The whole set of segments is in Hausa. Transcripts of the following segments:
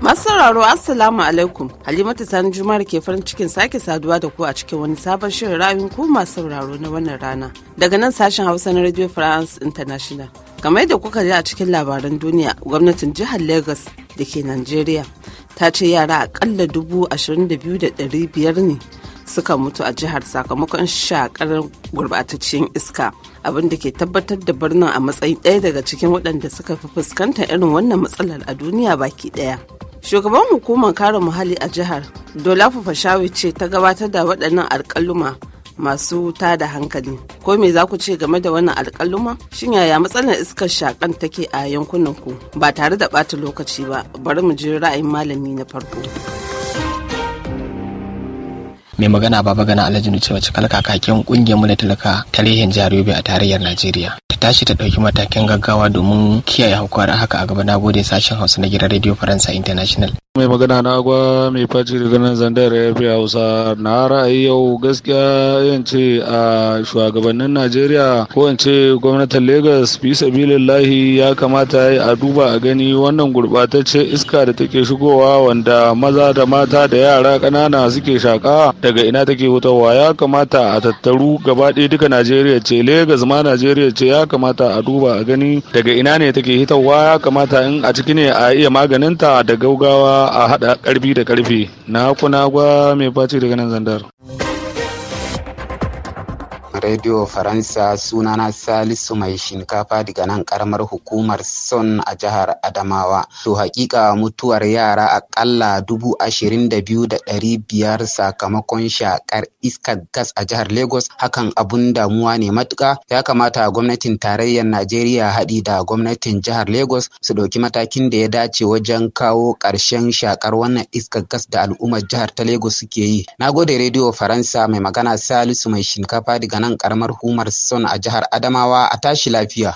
Masu sauraro Assalamu alaikum Halimatu Sani Jumar ke farin cikin sake saduwa da ku a cikin wani sabon shirin ra'ayin ku masu sauraro na wannan rana daga nan sashen Hausa na Radio France International. Kamar da kuka ji a cikin labaran duniya gwamnatin jihar Lagos da ke Najeriya ta ce yara akalla dubu ashirin da biyu da ɗari biyar ne suka mutu a jihar sakamakon shakar gurbataccen iska abin da ke tabbatar da birnin a matsayin ɗaya daga cikin waɗanda suka fi fuskanta irin wannan matsalar a duniya baki ɗaya. shugaban hukumar kare muhalli a jihar dola fashawi ce ta gabatar da waɗannan alƙaluma masu da hankali ko me za ku ce game da wannan alkaluma? shin yaya matsalar iskar shakan take a yankunan ku ba tare da ɓata lokaci ba bari mu ji ra'ayin malami na farko mai magana baba gana alhaji nuce wace kakakin kungiyar na talaka ta rehin jihar a tarayyar najeriya ta tashi ta ɗauki matakin gaggawa domin kiyaye haukuwar haka a gaba na gode sashen hausa na gidan radio faransa international mai magana na agwa mai faci daga nan zandar ya fi hausa na ra'ayi yau gaskiya yan ce a shugabannin najeriya ko in ce gwamnatin lagos fi sabilillahi ya kamata a duba a gani wannan gurɓatacce iska da take shigowa wanda maza da mata da yara ƙanana suke shaka da daga ina take fitowa ya kamata a tattaru gaba ɗaya duka najeriya ce legas ma najeriya ce ya kamata a duba a gani daga ina ne take hitowa ya kamata in a ciki ne a iya maganinta da gaugawa a haɗa ƙarfi da ƙarfi na kuna gwa mai faci daga nan zandar. Radio Faransa sunana Salisu mai shinkafa daga nan karamar hukumar Son a jihar Adamawa. To hakika mutuwar yara akalla dubu ashirin da biyu da ɗari biyar sakamakon shakar iskar gas a jihar Lagos hakan abun damuwa ne matuka. Ya kamata gwamnatin tarayyar Najeriya haɗi da gwamnatin jihar Lagos su ɗauki matakin da ya dace wajen kawo ƙarshen shakar wannan iskar gas da al'ummar jihar ta Lagos suke yi. Na gode Radio Faransa mai magana Salisu mai shinkafa daga daga nan karamar humar son a jihar Adamawa a tashi lafiya.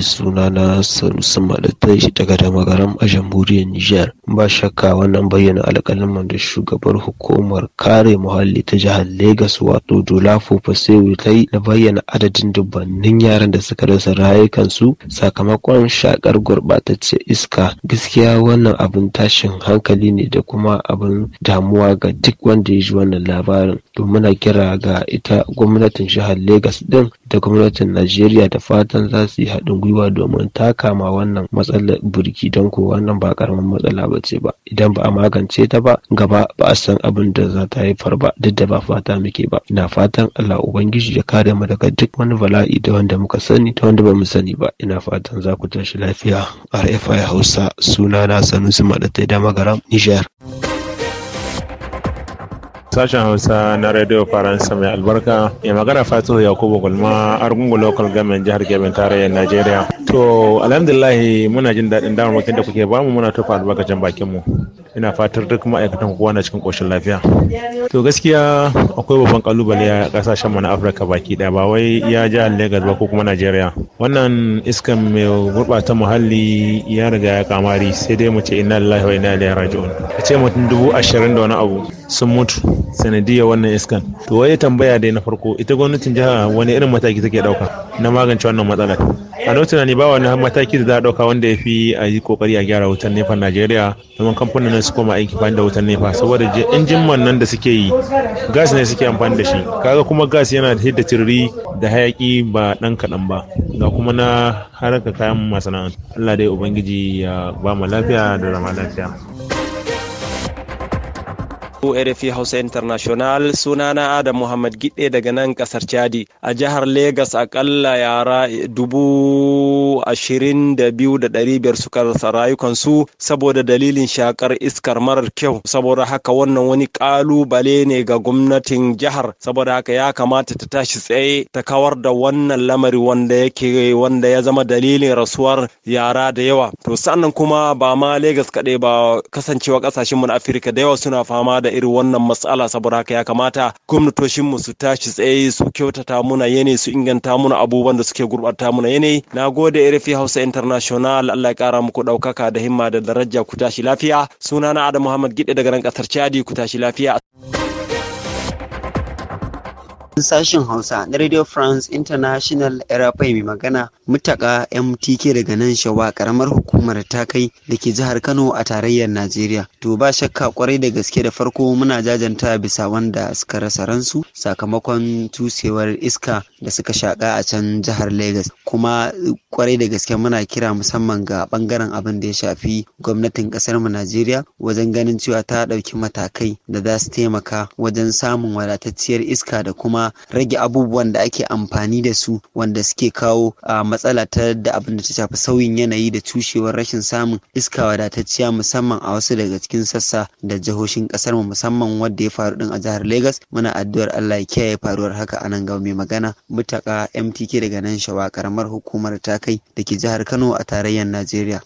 sunana sanusi malatai shi daga damagaram a jamhuriyar nijar Ba shakka wannan bayyana alƙalaman da shugabar hukumar kare muhalli ta jihar Legas wato Dolapo Fasewu ta yi da bayyana adadin dubbannin yaran da suka rasa rayukansu sakamakon shakar gurɓatacciyar iska. Gaskiya wannan abin tashin hankali ne da kuma abin damuwa ga duk wanda ya ji wannan labarin. To muna kira ga ita gwamnatin jihar Legas din da gwamnatin Najeriya da fatan za su yi haɗin gwiwa domin takama wannan matsalar birki don ko wannan ba ƙaramin matsala ba. bace ba idan ba a magance ta ba gaba ba a san abin da za ta haifar ba duk da ba fata muke ba ina fatan Allah ubangiji ya kare mu daga duk wani bala'i da wanda muka sani da wanda ba mu sani ba ina fatan za ku tashi lafiya RFI Hausa suna na Sanusi Madatai da Magaram Niger Sashen Hausa na Radio Faransa mai albarka ya magana Fatihu Yakubu Gulma Argungu Local Government jihar Kebbi tarayyar Najeriya. To alhamdulillah muna jin daɗin makin da kuke bamu muna tufa albarkacin bakin mu. ina fatar duk ma'aikatan kowa na cikin koshin lafiya to gaskiya akwai babban kalubale a kasashen mu na afirka baki daya ba wai ya ja lagos ba ko kuma najeriya wannan iskan mai gurɓata muhalli ya riga ya kamari sai dai mu ce inna lillahi wa inna ilaihi raji'un a ce mutum dubu ashirin da wani abu sun mutu sanadiyar wannan iskan to wai tambaya dai na farko ita gwamnatin jiha wani irin mataki take ɗauka. na magance wannan matsalar a don tunani ba wani mataki da za a ɗauka wanda ya fi a yi kokari a gyara wutan nefa najeriya domin kamfanin nan su koma aiki fani da wutan nefa saboda injin man nan da suke yi gas ne suke amfani da shi kaga kuma gas yana da hidda tururi da hayaki ba ɗan kaɗan ba ga kuma na haraka kayan masana'antu allah dai ubangiji ya ba mu lafiya da zama lafiya ku RFI Hausa International sunana Adam Muhammad Gidde daga nan kasar Chadi a jihar Legas akalla yara dubu ashirin da biyu da ɗari biyar suka rasa rayukansu saboda dalilin shakar iskar marar kyau saboda haka wannan wani kalubale ne ga gwamnatin jihar saboda haka ya kamata ta tashi tsaye ta kawar da wannan lamari wanda yake wanda ya zama dalilin rasuwar yara da yawa to sannan kuma ba ma Legas kaɗai ba kasancewa ƙasashenmu na Afirka da yawa suna fama da irin wannan matsala saboda haka ya kamata gwamnatoshin mu su tashi tsaye su kyautata muna yanayi su inganta muna abubuwan da suke gurbata muna yanayi na gode fi hausa international allah ya kara muku ɗaukaka da himma da daraja ku tashi lafiya sunana adam muhammad gide daga nan kasar chadi ku tashi lafiya sashen Hausa na Radio France International Erafai mai magana mutaka MTK daga nan shawa karamar hukumar ta kai da ke jihar Kano a tarayyar Najeriya. To ba shakka kwarai da gaske da farko muna jajanta bisa wanda suka rasa ransu sakamakon tusewar iska da suka shaka a can jihar Lagos. Kuma kwarai da gaske muna kira musamman ga bangaren abin da ya shafi gwamnatin kasar mu Najeriya wajen ganin cewa ta ɗauki matakai da za su taimaka wajen samun wadatacciyar iska da kuma rage abubuwan da ake amfani da su wanda suke kawo a matsala ta da abin da ta shafi sauyin yanayi da cushewar rashin samun iska wadatacciya musamman a wasu daga cikin sassa da jihohin kasar mu musamman wanda ya faru din a jihar Lagos muna addu'ar Allah ya kiyaye faruwar haka a ga mai magana mutaka MTK daga nan shawa karamar hukumar ta da ke jihar Kano a tarayyar Najeriya.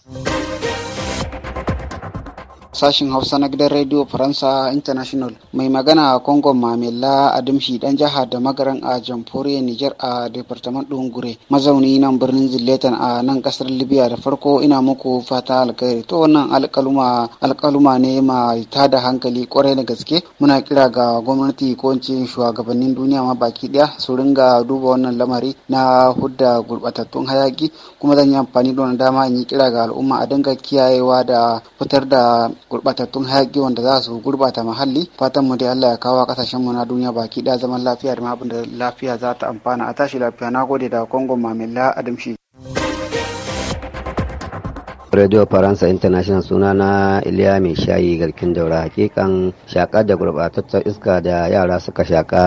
sashin Hausa na gidan Radio Faransa International. Mai magana a Kongon Mamela Adamshi dan jihar da magaran a Jamhuriyar niger a Departement ɗin Gure. Mazauni nan birnin Zilletan a nan kasar Libya da farko ina muku fata alkhairi. To wannan alkaluma alkaluma ne mai da hankali kwarai da gaske. Muna kira ga gwamnati ko shugabannin duniya ma baki daya su ringa duba wannan lamari na hudda gurbatattun hayaki kuma zan yi amfani da wani dama in yi kira ga al'umma a dinga kiyayewa da fitar da gurbatattun hayaki wanda za su gurbata muhalli fatan mu dai Allah ya kawo kasashen mu na duniya baki da zaman lafiya da ma abin da lafiya za ta amfana a tashi lafiya na gode da kongon mamilla adamshi Radio Faransa International suna na Iliya mai shayi garkin daura hakikan shaka da gurbatattar iska da yara suka shaka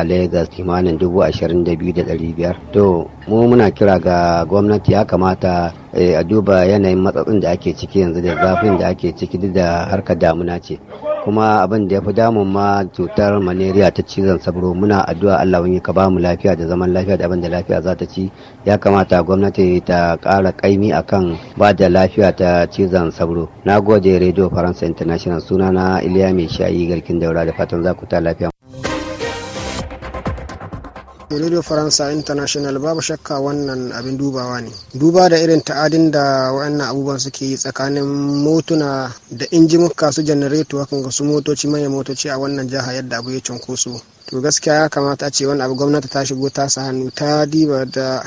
a Lagos kimanin dubu da biyu ɗari biyar. To mu muna kira ga gwamnati ya kamata eh, a duba yanayin matsatsin da ake ciki yanzu da zafin da ake ciki da harkar damuna ce. kuma abin da ya fi damun ma cutar maleriya ta cizon sabro muna addu'a Allah wani ka bamu lafiya da zaman lafiya da abin da lafiya za ta ci ya kamata gwamnati ta kara kaimi akan ba da lafiya ta cizon sabro na gode radio faransa international suna na iliya mai shayi garkin daura da fatan za ku ta lafiya radio faransa international babu shakka wannan abin dubawa ne duba da irin ta'adin da waɗannan abubuwan suke yi tsakanin motuna da injimuka su janareto hakan ga su motoci manyan motoci a wannan jiha yadda abu ya cunkoso to gaskiya ya kamata a ce wani abu gwamnati ta shigo ta sa hannu ta diba da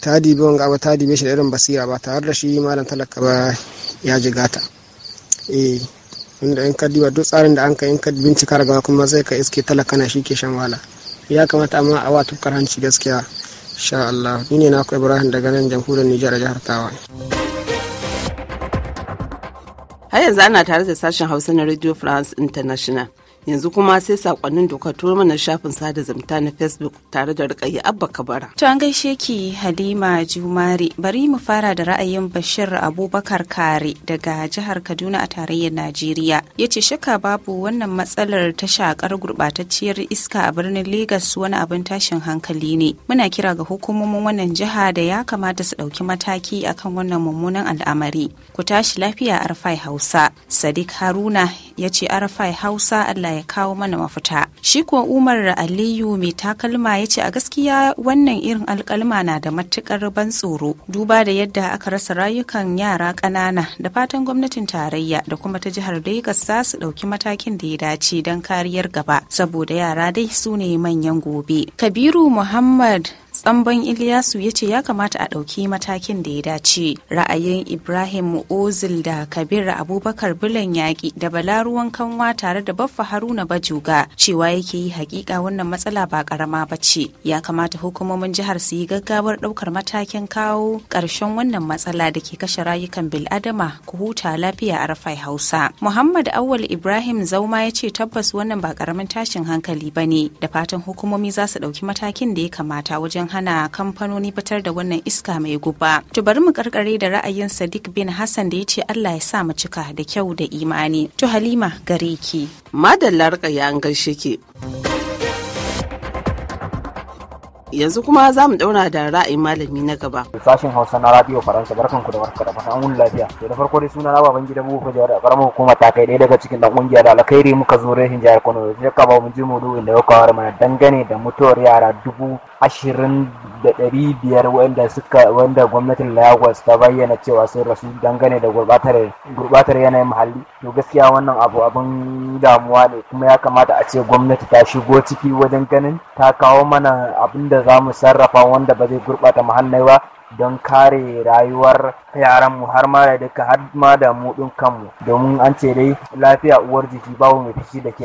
ta dibi wanga abu ta dibe shi da irin basira ba tare da shi malam talaka ba ya jigata eh inda in ka diba duk tsarin da an ka in ka bincika daga kuma zai ka iske talaka na shi ke shan wala ya kamata amma a wato hanci gaskiya sha Allah ni ne naku Ibrahim daga nan jamhuriyar Nijar jihar Tawa har yanzu ana tare da sashen Hausa na Radio France International yanzu kuma sai sakonnin dokar turo mana shafin sada zumunta na facebook tare da rikayi abba kabara to an gaishe ki halima jumare bari mu fara da ra'ayin bashir abubakar kare daga jihar kaduna a tarayyar najeriya ya ce shaka babu wannan matsalar ta shakar gurɓatacciyar iska a birnin Legas wani abin tashin hankali ne muna kira ga hukumomin wannan jiha da ya kamata su ɗauki mataki akan wannan mummunan al'amari ku tashi lafiya arfai hausa sadiq haruna ya ce arfai hausa allah ya kawo mana mafita. Shi kuwa Umar Aliyu mai takalma ya ce a gaskiya wannan irin alkalma na da matukar ban tsoro duba da yadda aka rasa rayukan yara ƙanana da fatan gwamnatin tarayya da kuma ta jihar ya za su ɗauki matakin da ya dace don kariyar gaba saboda yara dai su ne manyan gobe. Kabiru Muhammad tsamban ilyasu ya ce ya kamata a ɗauki matakin da ya dace ra'ayin ibrahim ozil da kabir abubakar bulan yaƙi da balaruwan kanwa tare da baffa haruna bajuga cewa yake yi hakika wannan matsala ba ƙarama ba ce ya kamata hukumomin jihar su yi gaggawar ɗaukar matakin kawo ƙarshen wannan matsala da ke kashe rayukan bil'adama ku huta lafiya a rafai hausa muhammad Awal ibrahim zauma ya ce tabbas wannan ba ƙaramin tashin hankali ba ne da fatan hukumomi za su ɗauki matakin da ya kamata wajen hana kamfanoni fitar da wannan iska mai guba. To bari mu karkare da ra'ayin Sadiq bin Hassan da ya ce Allah ya sa mu cika da kyau da imani. To Halima gare ki. Madallar ya an gaishe ki. yanzu kuma za mu daura da ra'ayin malami na gaba. Sashen Hausa na Radio Faransa barkanku da barka da fatan wuni lafiya. da da farko dai suna na baban gidan mu kujewa da karamar hukuma ta kai ɗaya daga cikin dan kungiya da alkhairi muka zo rehin jihar Kano da ka ba mu ji mu inda ya kawar mana dangane da mutuwar yara dubu ashirin da ɗari biyar wanda suka wanda gwamnatin Lagos ta bayyana cewa sun rasu dangane da gurbatar yanayin muhalli. To gaskiya wannan abu abin damuwa ne kuma ya kamata a ce gwamnati ta shigo ciki wajen ganin ta kawo mana abin da da za mu sarrafa wanda ba zai gurɓata muhallai ba don kare rayuwar yaran mu har ma da duka har ma da mu ɗin kanmu domin an ce dai lafiya uwar jiki babu mai fushi da ke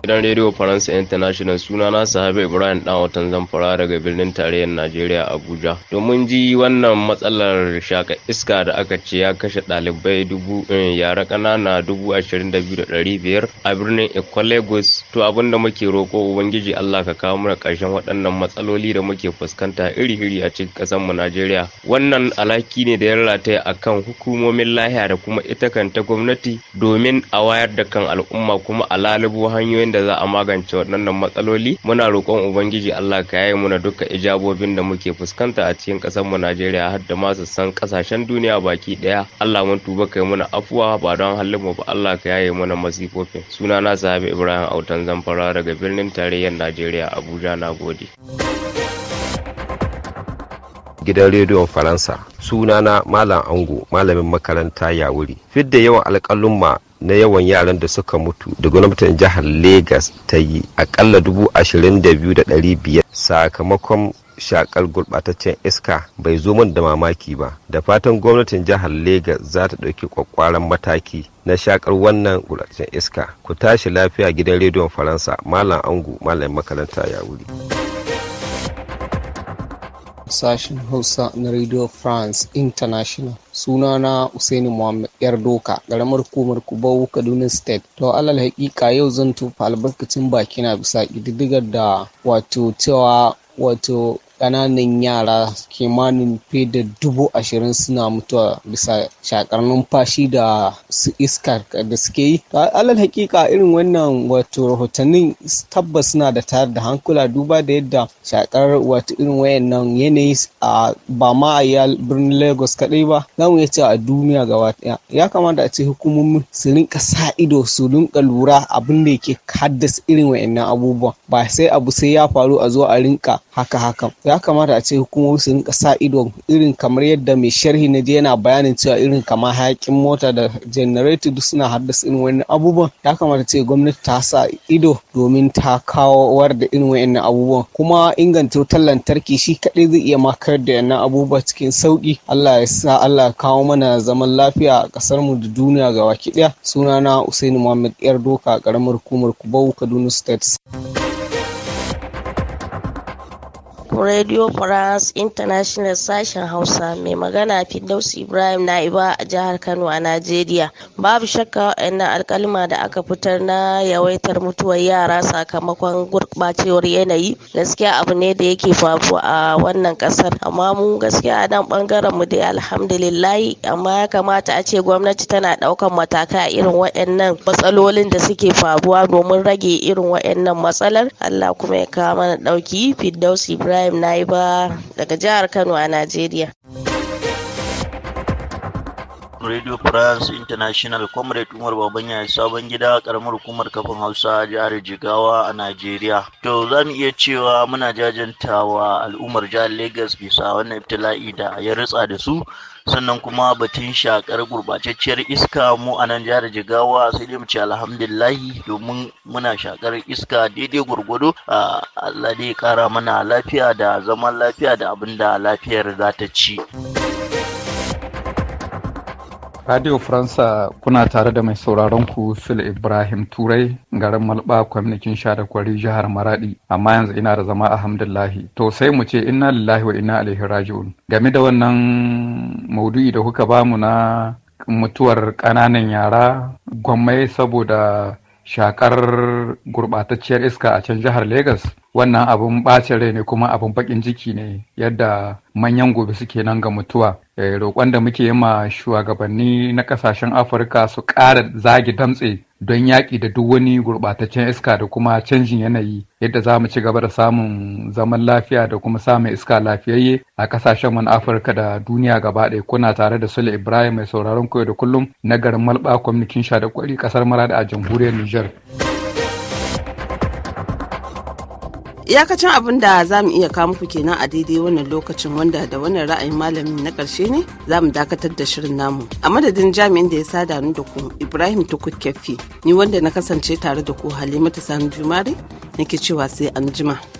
Gidan Rediyo Faransa International suna na Sahabe Ibrahim dan watan Zamfara daga birnin tarayyar Najeriya Abuja. Domin ji wannan matsalar shaka iska da aka ce ya kashe ɗalibai dubu eh, yara ƙanana dubu ashirin da biyu da ɗari biyar a birnin ecolagos To abin da muke roƙo Ubangiji Allah ka kawo mana ƙarshen waɗannan matsaloli da muke fuskanta iri-iri a cikin ƙasar mu Najeriya. Wannan alaki ne da ya rataya kan hukumomin lahiya da kuma ita kanta gwamnati domin a wayar da kan al'umma kuma a lalubo hanyoyin yadda za a magance waɗannan matsaloli muna roƙon ubangiji Allah ka yaye muna duka ijabobin da muke fuskanta a cikin ƙasar mu Najeriya har da ma san ƙasashen duniya baki ɗaya Allah mun tuba kai muna afuwa ba don halin mu ba Allah ka yaye muna masifofin suna na Sahabi Ibrahim Autan Zamfara daga birnin tarayyar Najeriya Abuja na gode. gidan rediyon faransa sunana malam ango malamin makaranta ya wuri fidda yawan alƙalumma na yawan yaran da suka mutu da gwamnatin jihar Legas ta yi akalla dubu ashirin da biyu da ɗari biyar sakamakon shakar gurɓataccen iska bai zo min da mamaki ba da fatan gwamnatin jihar Legas za ta ɗauki kwakwaran mataki na shakar wannan gurbataccen iska ku tashi lafiya gidan rediyon faransa malam angu malam makaranta ya wuri. sashen Hausa na Radio France International. suna na Usaini Muhammad Yar-Doka, ƙaramar hukumar Kubau Kaduna State. To alal haƙiƙa yau zan tufa albarkacin bakina bisa ƙididdigar da wato cewa wato ƙananan yara kimanin fiye da dubu ashirin suna mutuwa bisa shakar numfashi da su iska da suke yi alal hakika irin wannan wato rahotannin tabbas suna da tayar da hankula duba da yadda shakar wato irin wayannan yanayi a ba ma a birnin lagos kadai ba za mu ce a duniya gaba daya ya kamata a ce hukumomin su rinka sa ido su rinka lura abin da yake haddasa irin wayannan abubuwa ba sai abu sai ya faru a zo a rinka haka haka ya kamata a ce hukumomi su rinka sa ido irin kamar yadda mai sharhi na je yana bayanin cewa irin kamar hayakin mota da generator duk suna haddasa irin wani abubuwan ya kamata ce gwamnati ta sa ido domin ta kawo war da irin wani abubuwan kuma inganta wutar lantarki shi kadai zai iya makar da yana abubuwa cikin sauki Allah ya sa Allah kawo mana zaman lafiya a kasar mu da duniya ga ki ɗaya sunana Usaini Muhammad Yar Doka ƙaramar hukumar Kubau Kaduna State. Radio France International sashen Hausa mai magana Fidausi Ibrahim Na'iba a jihar Kano a Najeriya. Babu shakka waannan alkalma da aka fitar na yawaitar mutuwar yara sakamakon gurɓacewar yanayi gaskiya abu ne da yake faru a wannan ƙasar. Amma mu gaskiya a nan ɓangaren mu dai alhamdulillahi amma ya kamata a ce gwamnati tana ɗaukan matakai a irin wa'annan matsalolin da suke faruwa domin rage irin wa'annan matsalar. Allah kuma ya kawo mana ɗauki Fidausi Ibrahim Ibrahim Naiba daga jihar Kano a Najeriya. Radio France International Comrade Umar Babanya sabon gida karamar hukumar kafin Hausa jihar Jigawa a Najeriya. To za mu iya cewa muna jajantawa al'ummar jihar Lagos bisa wannan iftila'i da ya ritsa da su sannan kuma batun shakar gurbatacciyar iska mu a nan jihar jigawa sai dai mu ce alhamdulillahi domin muna shakar iska daidai gwargwado Allah dai kara mana lafiya da zaman lafiya da abinda lafiyar za ta ci. Radio Faransa kuna tare da mai sauraron ku sule Ibrahim Turai garin Malba kwamnikin sha da kwari jihar Maradi amma yanzu ina da zama alhamdulillahi to sai mu ce inna lillahi wa inna ilaihi raji'un game da wannan maudu'i da kuka bamu na mutuwar ƙananan yara gwammai saboda shakar gurɓatacciyar iska a can jihar Legas wannan abun ɓacin rai ne kuma abun baƙin jiki ne yadda manyan gobe suke nan ga mutuwa eh, roƙon da muke yi ma shugabanni na ƙasashen afirka su ƙara zagi damtse don yaƙi da duk wani gurɓataccen iska da kuma canjin yanayi yadda za mu ci gaba da samun zaman lafiya da kuma samun iska lafiyayye a ƙasashen wani afirka da duniya gaba ɗaya kuna tare da sule ibrahim mai sauraron koyo da kullum na garin malba kwamnikin sha da kwari ƙasar maradi a jamhuriyar niger iyakacin abin da za mu iya kawo muku kenan a daidai wannan lokacin wanda da wannan ra'ayin malamin na karshe ne za mu dakatar da shirin namu a madadin jami'in da ya sa ni da ku ibrahim tukukkefi ni wanda na kasance tare da ku halimata sani jumare nake cewa sai an jima.